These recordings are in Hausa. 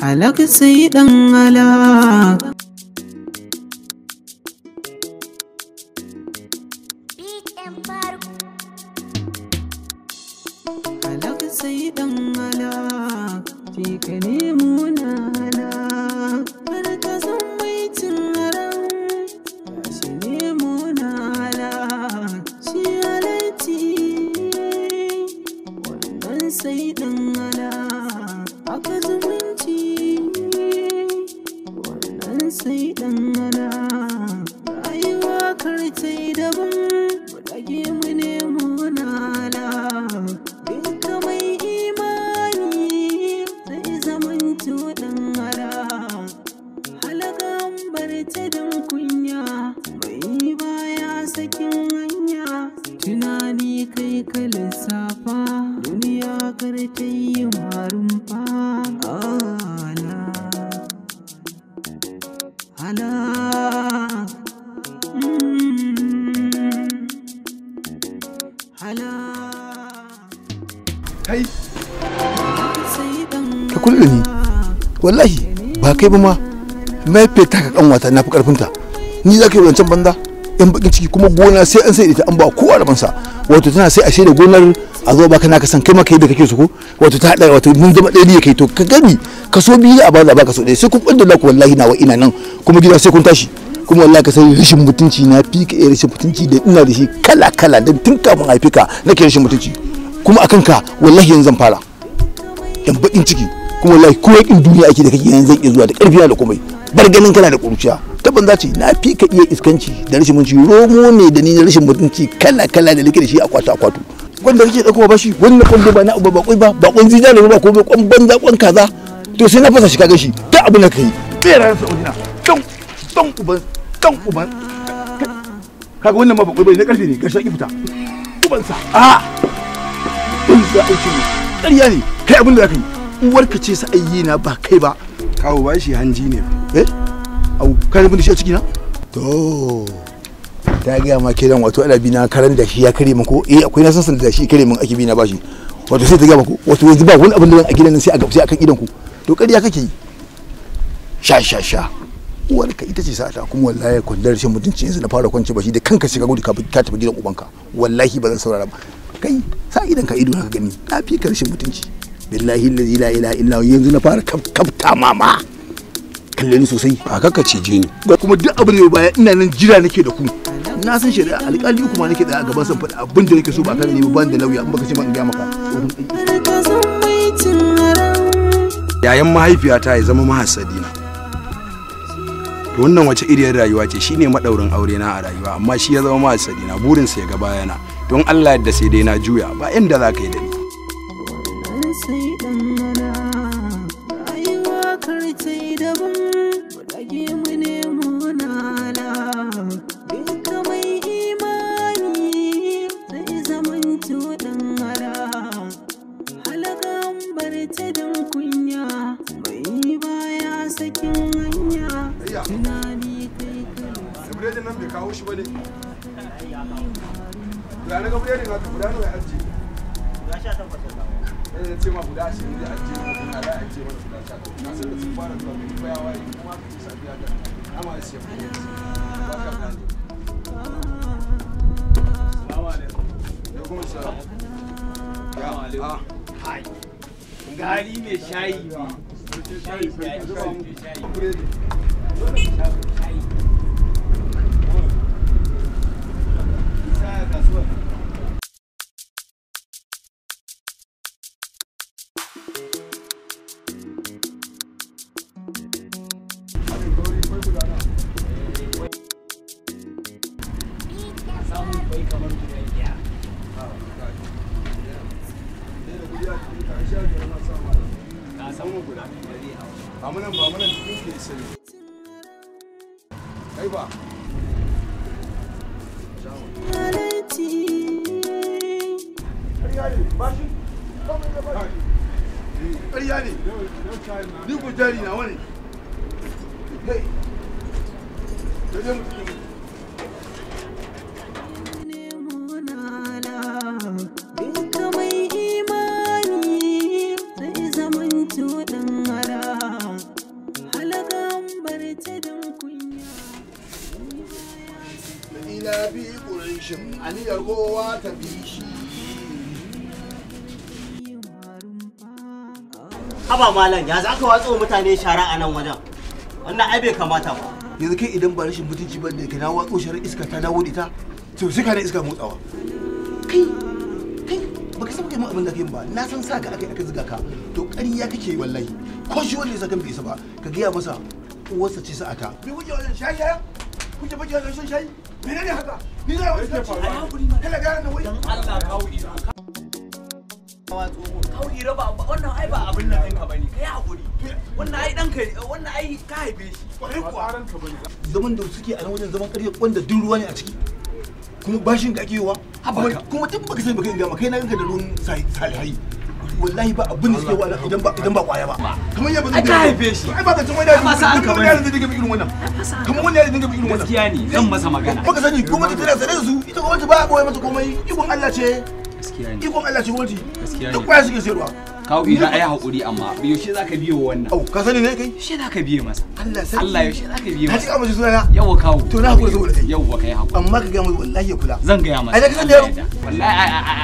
Halak sai ɗan sai dan mana rayuwa kar tai daban kai ka kula da ni wallahi ba kai ba ma mai ta ka kanwata na fi karfinta ni za ka yi wancan banza yan bakin ciki kuma gona sai an sai ita an ba kowa rabansa wato tana sai a shaida gonar a zo baka ka san kai ma kai da kake so ko wato ta hada wato mun zama ɗaya ne kai to ka gani ka so biyu a ba za ba ka so ɗaya sai kun kwanda ku wallahi nawa ina nan kuma gida sai kun tashi kuma wallahi ka san rashin mutunci na fi ka rashin mutunci da ina da shi kala kala dan tun kafin haife ka nake rashin mutunci kuma akan ka wallahi yanzu zan fara dan bakin ciki kuma wallahi ko yakin duniya ake da kake yanzu zan iya zuwa da karfi da komai bar ganin kana da kuruciya taban za ce na fi ka iya iskanci da rashin mutunci romo ne da ni na rashin mutunci kala kala da nake da shi akwatu akwatu wanda kake dauko ba shi wannan kwando ba na abu ba kwai ba ba kwan zija ne ba ko ba kwan banza kwan kaza to sai na fasa shi kaga shi ta abu na kai tsere sa wajina don don uban kan uban kaga wannan ma ba bai na karfe ne shan ki fita ubansa a in za a ce ƙarya ne kai abin da zaka yi ka ce sa ayyi na ba kai ba kawo ba shi hanji ne eh au kai abin da shi a ciki na to ta gaya ma kiran wato ana na karan da shi ya kare min ko eh akwai na sansan da shi kare min ake bi na bashi wato sai ta gaya ku wato yanzu ba wani abin da zan a gidan nan sai a gabsi akan idan ku to ƙarya kake yi sha sha sha uwarka ita ce sa'ata kuma wallahi kwandar shi mutunci yanzu na fara kwance ba shi da kanka shiga gudu ka tafi gidan ubanka wallahi ba zan saurara ba kai sa idan ka ido ka gani na fi karshen mutunci billahi la ilaha illa yanzu na fara kafta mama kalle ni sosai a kaka cije ni kuma duk abin da baya ina nan jira nake da ku na san shari'a alƙali kuma nake da gaban san faɗa abin da nake so ba kan ne ba da lauya in baka ce ban ga maka yayan mahaifiyata ya zama mahasadina wannan wace iriyar rayuwa ce shine madaurin aure na a rayuwa amma shi ya zama ma sadi na burin sa ya ga baya na don Allah yadda sai dai na juya ba inda za ka yi da ni guda nawa ya ajiye guda sha takwas ya eh, ce ma guda ashirin kuma da ajiye mana guda sha takwas na san da sun fara zuwa mai kuma ka ci safiya da kuma ba ah. shayi shayi shayi shayi ba mu nan ba mu nan ke isa ne kai ba ƙarya ne ni ku jari na wani kai tafiyar ta bi shi haba malam ya za ka watsa mutane shara a nan wajen wannan ai bai kamata ba yanzu kai idan ba rashin mutunci ba da na watsa shara iska ta dawo ita to sai ka ne iska motsawa kai kai baka san kai mu abin da kai ba na san sa ka akai aka zuga ka to ƙarya kake wallahi ko shi wanda ya saka bai isa ba ka gaya masa uwarsa ce sa'a ta bi wuce wajen shaya kuke baki haka shan shayi haka ni za a wasu a ma kala gara na wai dan Allah kawo ira kawo ira ba wannan ai ba abin nan ɗinka bane kai hakuri wannan ai ɗanka wannan ai ka haife shi kuwa zaman da suke a nan wajen zaman ƙarfe wanda duk ruwa ne a ciki kuma bashin ka ake yiwa kuma duk baka sani baka inga ma kai na ganka da ruwan salihai wallahi ba abin da suke wa idan ba idan ba kwaya ba kamar ya ba zai ka haife shi ai ba ka tun wani ba sa an ka bari dinga irin wannan kamar wani ya dinga irin wannan gaskiya ne zan masa magana baka sani ko mata tana sare su ita ko mata ba a boye mata komai ikon Allah ce gaskiya ne ikon Allah ce gwamnati gaskiya ne duk kwaya suke sayarwa kawo ina ai hakuri amma yaushe zaka biyo wannan oh ka sani ne kai yaushe zaka biye masa Allah sani Allah yaushe zaka biye masa ka ji amince sunana yawa kawo to na hakuri saboda kai yawa kai hakuri amma ka ga mu wallahi ya kula zan ga ya masa ai da ka sani wallahi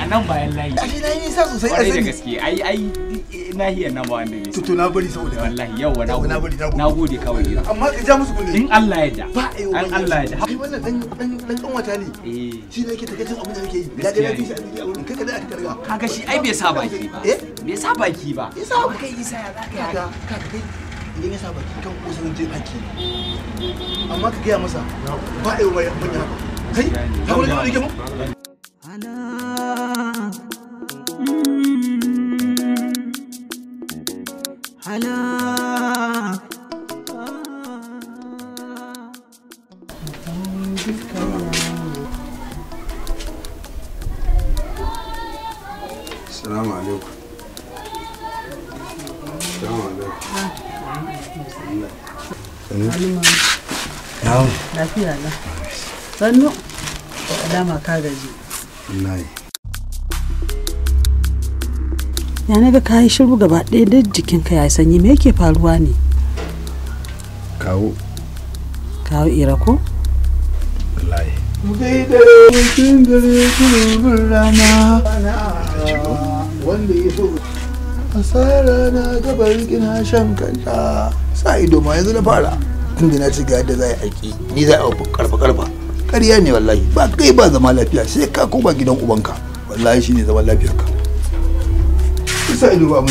a nan bayan layi ai na yi nisa sosai a sani gaskiya ai ai nahiyar nan ba wanda bai to na bari saboda wallahi yawa na bari na gode kawai amma ka ja musu in Allah ya da ba an Allah ya da kai wannan dan dan dan kan wata ne eh shi ne yake take jin abin da yake yi da dai shi a wurin kai kada aka targa kaga shi ai eh? bai sa baki ba bai sa baki ba kai isa ya zaka kai idan ya sa baki kan je baki amma ka gaya masa ba ai wani haka kai ka wani da yake mu lafiya sannu dama ka gaji ya na ga kayi shiru gaba ɗaya da jikinka ya sanyi me yake faruwa ne kawo kawo ira ko wallahi Mutum dare kurubin rana wanda ya so asara na gabar gina shan kanta sa ido ma yanzu na fara tunda na ci ga yadda za a aiki ni za a yi karfa karfa ƙarya ne wallahi ba kai ba zama lafiya sai ka ko ba gidan ubanka wallahi shine zaman lafiyarka isa ido ba mu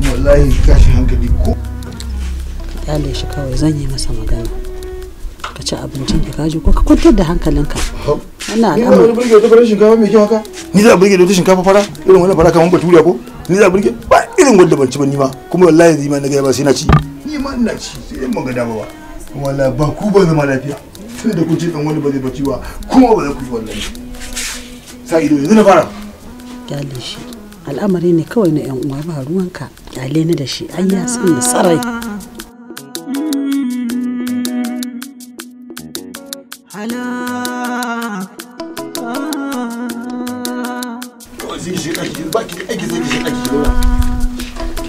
ne wallahi shi hankali ko kyale shi kawai zan yi masa magana ka ci abincin ka kaji ko ka kwantar da hankalinka wannan al'amari ni za a burge wata farin shinkafa mai kyau haka ni za a burge wata shinkafa fara irin wannan fara kamar baturiya ko ni za a burge ba irin wanda ban ci ba ni ma kuma wallahi zai ma na gaya ba sai na ci ni ma ina ci sai in ban ga ba wala ba ku ba zama lafiya tun da kun ce dan wani ba zai baci ba kuma ba za ku yi wannan sa ido yanzu na fara kyale shi al'amari ne kawai na yan uwa ba ruwanka kyale ni da shi ai ya san da sarai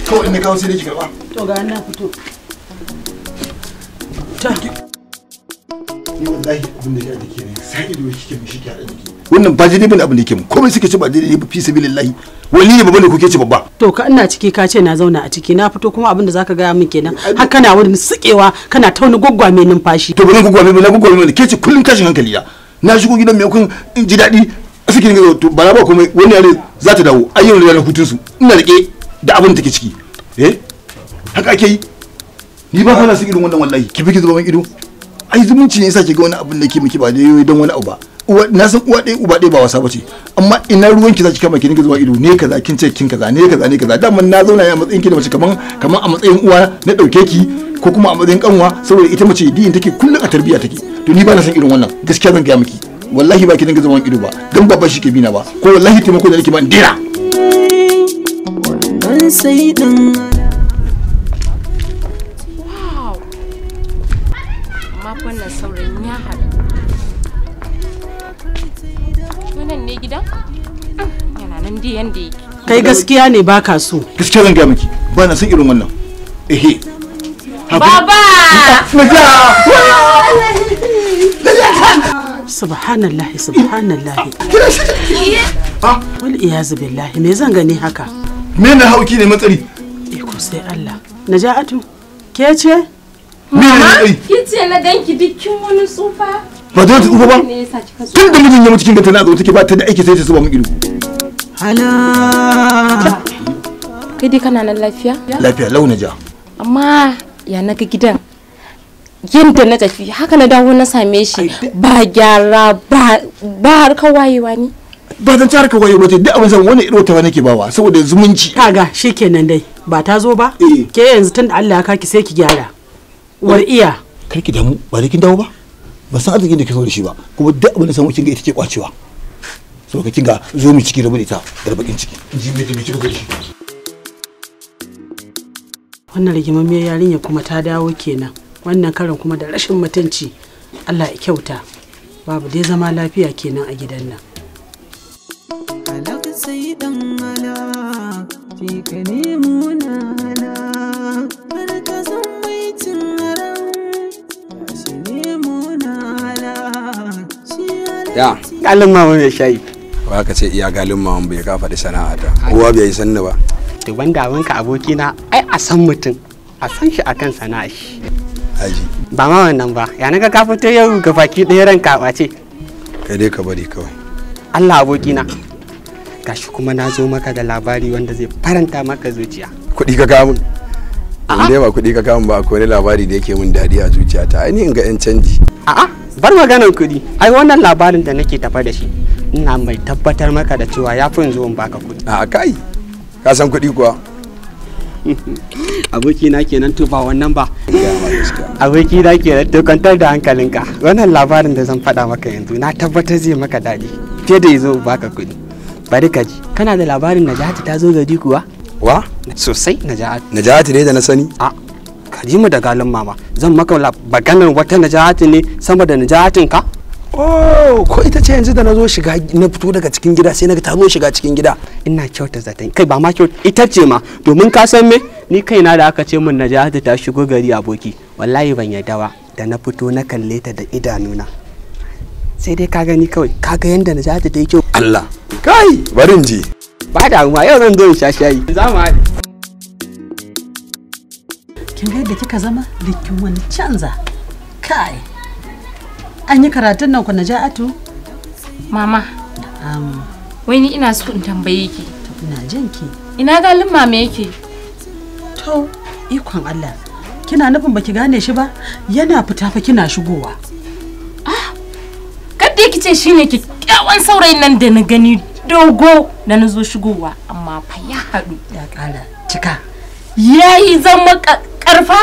Kawai na kawo sai da ki karɓa. To ga na fito. ta wallahi abin da ya dake ne sai da kike mishi kyara dake wannan ba jini bane abin da yake mu komai suke ci ba daidai ba fi sabilillahi wali ne babban da kuke ci babba to ka ina ciki ka ce na zauna a ciki na fito kuma abin da zaka ga min kenan har kana wani sukewa kana tauna wani mai numfashi to bari gwaggwa mai na gwaggwa mai ke ce kullun tashin hankali ya na shigo gidan mai kun in ji dadi suke ne to ba ba komai wani yare za ta dawo ayyuka da hutun su ina rike da abin da take ciki eh haka ake yi ni ba hana su irin wannan wallahi ki bi ki zuba ido ai zumunci ne yasa ki ga wani abin da ke miki ba daidai don wani abu ba na san uwa ɗaya uba ɗaya ba wasa bace amma ina ruwan ki zaki kama ki nika zuwa ido ne kaza kin ce kin kaza ne kaza ne kaza daman na zauna a matsayin ki da mace kaman kaman a matsayin uwa na ɗauke ki ko kuma a matsayin kanwa saboda ita mace din take kullum a tarbiya take to ni ba na san irin wannan gaskiya zan gaya miki wallahi ba ki dinga zuwa ido ba dan babban shi ke bina ba ko wallahi taimako da nake ba in dira sai wannan saurin ya haɗu wannan ne gidan ah, yana nan dai yanda yake kai gaskiya ne ba ka so gaskiya zan gaya miki ba na san irin wannan ehe baba subhanallahi subhanallahi ah. wal iyazu billahi me zan gani haka me na hauki ne matsari ko sai Allah najatu ke ce Mama, kin ce na danki dukkin wani tsufa. Ba zai tsufa ba. Tun da mijin ya mutu kin ga tana zo take ba ta da aiki sai ta zuba mu ido. Hala. Kai dai kana nan lafiya? Lafiya launa ja. Amma ya naga gidan. Yadda na tafi haka na dawo na same shi ba gyara ba ka wayewa ne. ba zan tsara kawai ba duk abin zan wani irin tawa nake bawa saboda zumunci kaga shikenan dai ba ta zo ba eh. ke yanzu tun da Allah ya kaki sai ki gyara war iya karki ki damu ba kin dawo ba ba san arzikin da ke so da shi ba kuma duk abin da samu kin ga ita ce kwacewa so ka kin ga zo mu ciki rabu da ita da bakin ciki ji me da ciki shi wannan rigimammiyar yarinya kuma ta dawo kenan wannan karin kuma da rashin mutunci Allah ya kyauta babu dai zama lafiya kenan a gidan nan sai dan fi na ala ya galin mama mai shayi ba ka ce iya galin mama bai ka faɗi sana'a ta kowa bai yi sanni ba to banda abinka abokina ai a san mutum a san shi akan sana'a shi aji ba ma wannan ba ya naga ka fito yau ga baki ɗaya ranka ka ce kai dai ka bari kawai Allah abokina gashi kuma na zo maka da labari wanda zai faranta maka zuciya kuɗi ka kamun in dai ba kuɗi ka kamun ba akwai labari da yake min daɗi a zuciyata ainihin ga 'yan canji a'a bar maganan kuɗi ai wannan labarin da nake tafa da shi ina mai tabbatar maka da cewa ya fi zuwan baka kuɗi a kai ka san kuɗi kuwa aboki na kenan to ba wannan ba aboki na kenan to kwantar da hankalinka wannan labarin da zan faɗa maka yanzu na tabbatar zai maka daɗi fiye da yazo baka kuɗi bari ka ji kana da labarin najati ta zo gari kuwa wa sosai najati najati ne da na sani a ka ji mu da galin mama zan maka maganar wata najahati ne sama da najahatin ka oh ko ita ce yanzu da na zo shiga na fito daga cikin gida sai na ta zo shiga cikin gida ina kyauta zata kai ba ma kyauta ita ce ma domin ka san me ni kaina da aka ce min najahati ta shigo gari aboki wallahi ban yarda ba da na fito na kalle ta da idanuna sai dai ka gani kawai ka ga yanda najahati ta yi kyau Allah kai barin ji ba da yau zan zo in sha shayi za mu haɗu kin yadda kika zama dukkin wani canza kai an yi karatun nan ku na ja'atu mama um, wai ni ina so in tambaye ki ina jin ki ina galin mama yake to ikon Allah kina nufin baki gane shi ba yana fita fa kina shigowa ah kadda yake ce shine kyawun saurayin nan da na gani dogo da na zo shigowa amma fa ya haɗu ya ƙara cika yayi zama karfa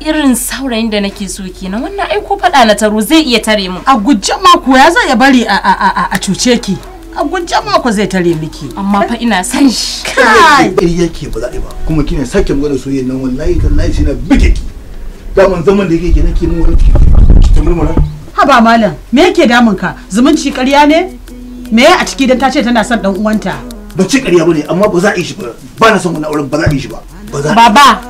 irin saurayin da nake so kenan wannan ai ko faɗa na taro zai iya tare mu a guje ma ko ya zai bari a a a a cuce ki a guje ma ko zai tare miki amma fa ina san shi kai yake ba za ba kuma kina sake magana soyayya nan wallahi tallahi shi na bige ki mun zaman da yake kenan ki mu wani ki murmura haba malam me yake damun ka zumunci ƙarya ne me a ciki dan ta ce tana son dan uwanta ba ci ƙarya bane amma ba za a yi shi ba ba na son wannan auren ba za a yi shi ba baba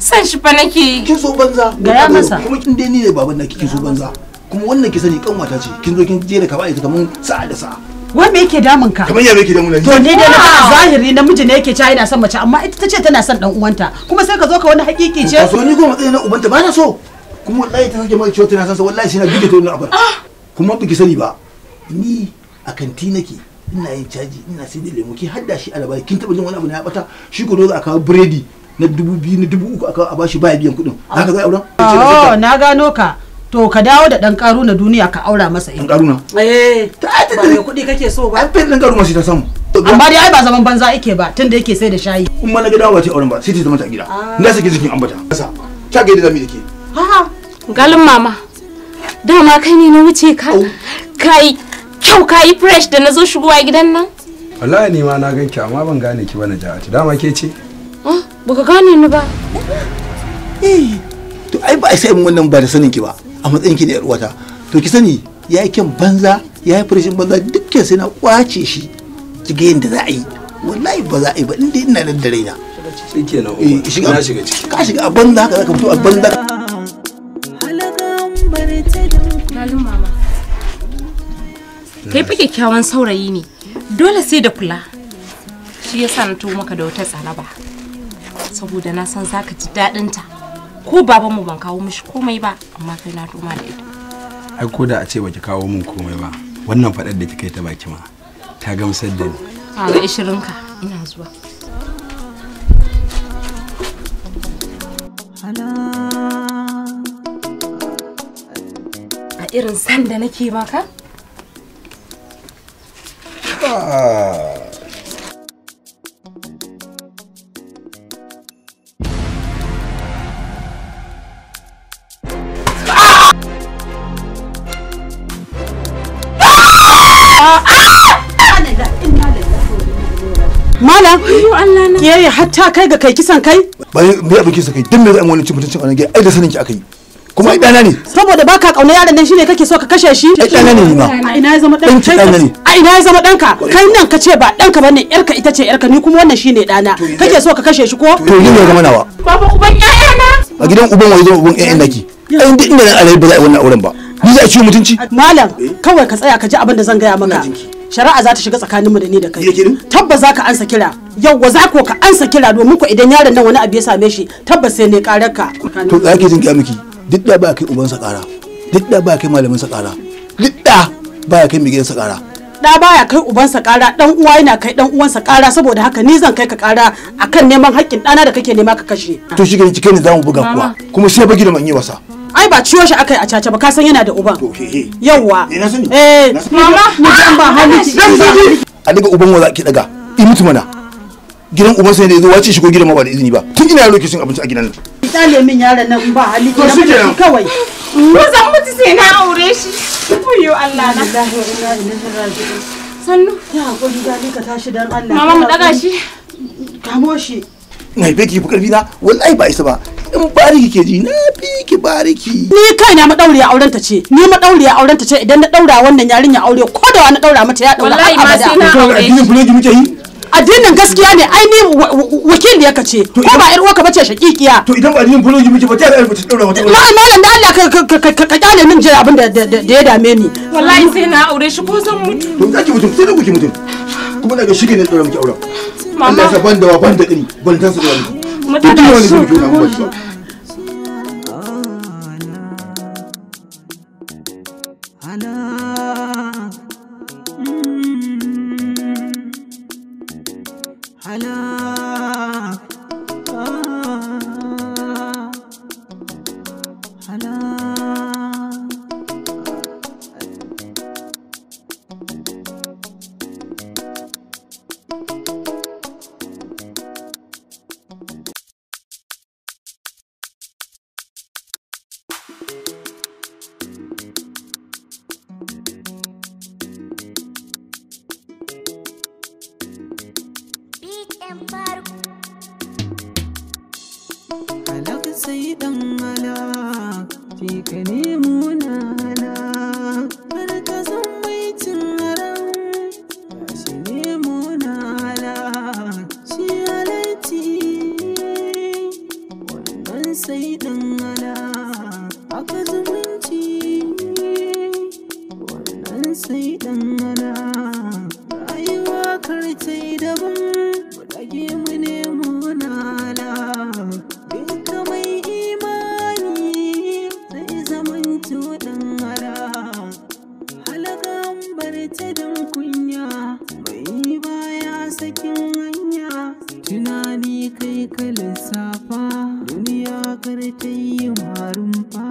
san shi fa nake kin so banza gaya masa kuma kin dai ni ne baban naki kin so banza kuma wannan ki sani kanwata ce kin zo kin je da kaba ita kaman sa'a da sa'a wai me yake damun ka kamar ya me yake damun ka. to ni da na zahiri namiji ne yake cewa ina son mace amma ita tace tana son dan uwanta kuma sai ka zo ka wani hakiki ce so ni goma tsaye na ubanta ba na so kuma wallahi ta sake mai cewa tana son sa wallahi shi na gidi to na abar kuma biki sani ba ni a kanti nake ina yin caji ina sai da lemu ki hadda shi alaba kin taba jin wani abu na ya bata shi ko dole a kawo biredi na dubu biyu na dubu uku aka bashi baya biyan kuɗin za ka ah, zai auren? oh na gano ka to ka dawo da dan karu na duniya ka aura masa in karu na eh ta ta ta kuɗi kake so ba ɗan ƙaru ma sai ta samu amma dai ai ba zaman banza yake ba tunda yake sai da shayi kuma na ga dawo ba ce auren ba sai ta zama ta gida ah. na sake jikin ambata kasa ta ga da zamu yake ha galin mama dama kai ne na wuce ka kai kyau kai fresh da nazo zo shigowa gidan nan wallahi ne ma na ganki amma ban gane ki bane ja'ati dama ke ce ah. baka gane ni ba eh to ai ba sai mun wannan ba da sanin ki ba a matsayin ki da yar uwata to ki sani yayi kin banza yayi furishin banza dukkan sai na kwace shi ki ga yadda za a yi wallahi ba za a yi ba inda ina da raina shikenan eh, na shiga ciki ka shiga a banza haka zaka fito a banza kai fa kyakkyawan saurayi ne dole sai da kula shi yasa na tuwo maka da wata tsaraba saboda na san zaka ji daɗin ta ko baban mu ban kawo mishi komai ba amma kai na doma da ita ai ko da a ce baki kawo min komai ba wannan faɗar da kika ta baki ma ta gamsar da ni a ga ishirin ka ina zuwa a irin sanda nake maka Ah. Allah ke hatta kai ga kai kisan kai bai bai abin kisan kai dan me zai wani cin mutuncin anan ai da sanin ki akai kuma ɗana ne saboda baka kauna yaron nan shine kake so ka kashe shi ai ɗana ne ma a ina ya zama ɗan a ina ya zama ɗanka kai nan ka ce ba ɗanka bane yarka ita ce yarka ni kuma wannan shine ɗana kake so ka kashe shi ko to ni ne zama nawa baba uban ƴaƴana a gidan uban wai zama uban ƴaƴan naki ai duk inda nan alai ba za a yi wannan auren ba ni za a ciwo mutunci malam eh. kawai ka tsaya ka ji abin da zan gaya maka shari'a za ta shiga tsakaninmu da ni da kai tabbas za ka ansa kira yauwa za ko ka ansa kira domin ko idan yaron nan wani abu ya same shi tabbas sai ne karar ka to za ki jin miki duk da ba kai ubansa kara duk da ba kai malamin sa kara duk da ba kai mai sa kara da baya kai ubansa kara dan uwa yana kai dan sa kara saboda haka ni zan kai ka kara akan neman haƙƙin dana da kake nema ka kashe to shi ki kai ne zamu buga kuwa kuma sai bagi da man yi wasa ai ba ciwo shi aka yi a caca ba ka san yana da uban eh. yauwa eh, eh mama mu ji an ba hali a daga uban waza ki daga i mutu mana gidan uban sai ne zo wace shigo gidan ma ba da izini ba tun ina yaro ke cin abinci a gidan nan misali min yaran nan ba hali ke nan kawai ko zan mutu sai na aure shi kuyo Allah na sannu ya hakuri da ka tashi dan Allah mama mu daga shi kamo shi na beki ki karfi na wallahi ba isa ba in bariki ke ji na fi ki bariki ni kai kaina madauriya auren ta ce ni madauriya auren ta ce idan na daura wannan yarinya aure ko da wani daura mata ya daura wallahi ma sai na aure addinin ku ne ki muke yi addinin gaskiya ne ai ni wakil da yaka ce ko ba yar uwarka bace shakikiya to idan ba addinin fulani muke ba ta yar ta daura wata wallahi mai malam da Allah ka ka kyale min jira abin da da ya dame ni wallahi sai na aure shi ko zan mutu to za ki mutu sai da ki mutu kuma daga shige ne daura muke auren Allah ya sa banda wa banda iri ban su da wani 就这样的有局，还过去。waƙar ta yi marin